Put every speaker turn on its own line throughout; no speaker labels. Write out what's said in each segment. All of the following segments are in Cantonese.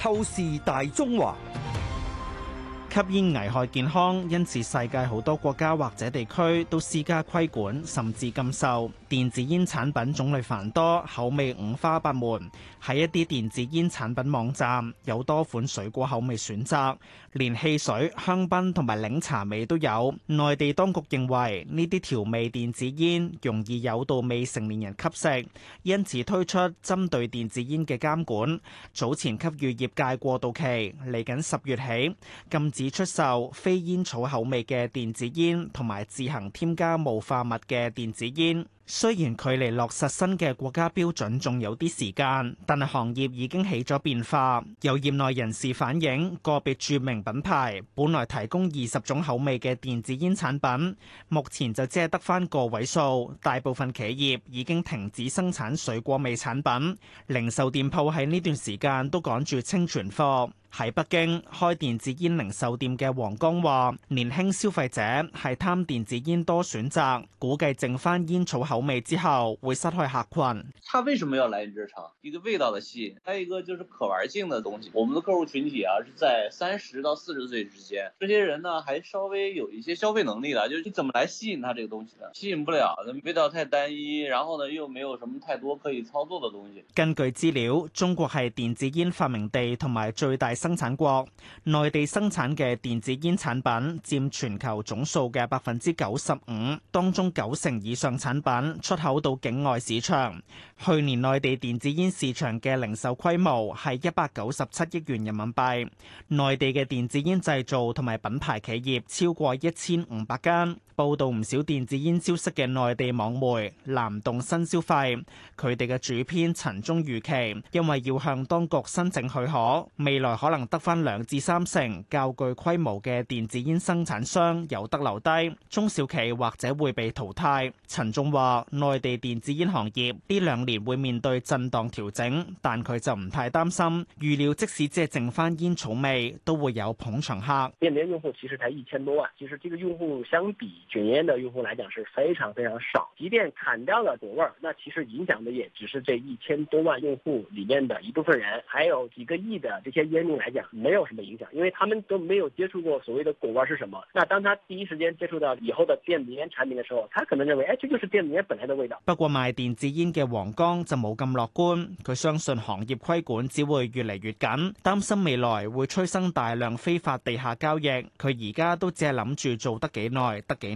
透視大中華。吸煙危害健康，因此世界好多國家或者地區都施加規管，甚至禁售電子煙。產品種類繁多，口味五花八門。喺一啲電子煙產品網站有多款水果口味選擇，連汽水、香檳同埋檸茶味都有。內地當局認為呢啲調味電子煙容易誘導未成年人吸食，因此推出針對電子煙嘅監管。早前給予業界過渡期，嚟緊十月起禁止。只出售非煙草口味嘅電子煙同埋自行添加霧化物嘅電子煙。雖然距離落實新嘅國家標準仲有啲時間，但係行業已經起咗變化。有業內人士反映，個別著名品牌本來提供二十種口味嘅電子煙產品，目前就只得翻個位數。大部分企業已經停止生產水果味產品，零售店鋪喺呢段時間都趕住清存貨。喺北京開電子煙零售店嘅黃江話：年輕消費者係貪電子煙多選擇，估計剩翻煙草口味。口味之後會失去客群。他
為什麼要來你這場？一個味道的吸引，還有一個就是可玩性的東西。我們的客戶群體啊，是在三十到四十歲之間，這些人呢，還稍微有一些消費能力的，就是你怎麼來吸引他這個東西呢？吸引不了，味道太單一，然後呢，又沒有什麼太多可以操作的東西。
根據資料，中國係電子煙發明地同埋最大生產國，內地生產嘅電子煙產品佔全球總數嘅百分之九十五，當中九成以上產品。出口到境外市場，去年內地電子煙市場嘅零售規模係一百九十七億元人民幣，內地嘅電子煙製造同埋品牌企業超過一千五百間。報道唔少電子煙消息嘅內地網媒，藍洞新消費，佢哋嘅主編陳忠預期，因為要向當局申請許可，未來可能得翻兩至三成較具規模嘅電子煙生產商有得留低，中小企或者會被淘汰。陳忠話：內地電子煙行業呢兩年會面對震盪調整，但佢就唔太擔心。預料即使只係剩翻煙草味，都會有捧場客。
捲煙的用戶來講是非常非常少，即便砍掉了果味兒，那其實影響的也只是這一千多萬用戶裏面的一部分人，還有幾個億的這些煙民來講沒有什麼影響，因為他們都沒有接觸過所謂的果味是什麼。那當他第一時間接觸到以後的電子煙產品的時候，他可能認為哎，這就是電子煙本來的味道。
不過賣電子煙嘅黃江就冇咁樂觀，佢相信行業規管只會越嚟越緊，擔心未來會催生大量非法地下交易。佢而家都只係諗住做得幾耐，得幾。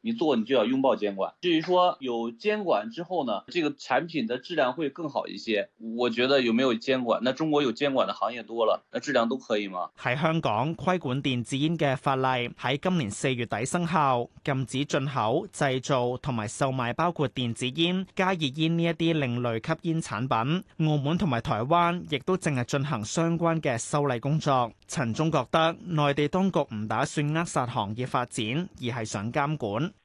你做你就要擁抱監管，至於說有監管之後呢，這個產品的質量會更好一些。我覺得有沒有監管，那中國有監管的行業多了，那質量都可以嗎？
喺香港規管電子煙嘅法例喺今年四月底生效，禁止進口、製造同埋售賣包括電子煙、加熱煙呢一啲另類吸煙產品。澳門同埋台灣亦都淨係進行相關嘅修例工作。陳忠覺得內地當局唔打算扼殺行業發展，而係想監管。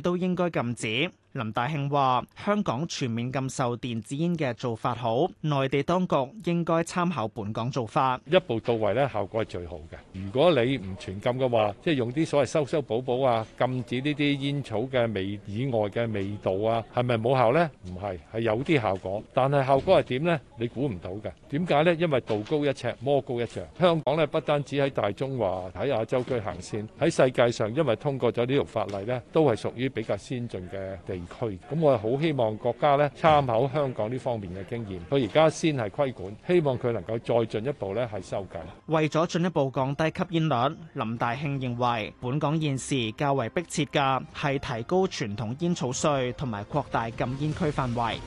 都應該禁止。林大慶話：香港全面禁售電子煙嘅做法好，內地當局應該參考本港做法，一步到位咧效果係最好嘅。如果你唔全禁嘅話，即係用啲所謂修修補補啊，禁止呢啲煙草嘅味以外嘅味道啊，係咪冇效呢？唔係，係有啲效果，但係效果係點呢？你估唔到嘅。點解呢？因為道高一尺，魔高一丈。香港呢，不單止喺大中華、喺亞洲區行先，喺世界上因為通過咗呢條法例呢，都係屬於比較先進嘅地。咁我係好希望國家咧參考香港呢方面嘅經驗，佢而家先係規管，希望佢能夠再進一步咧係收緊。為咗進一步降低吸煙率，林大慶認為本港現時較為迫切嘅係提高傳統煙草稅同埋擴大禁煙區範圍。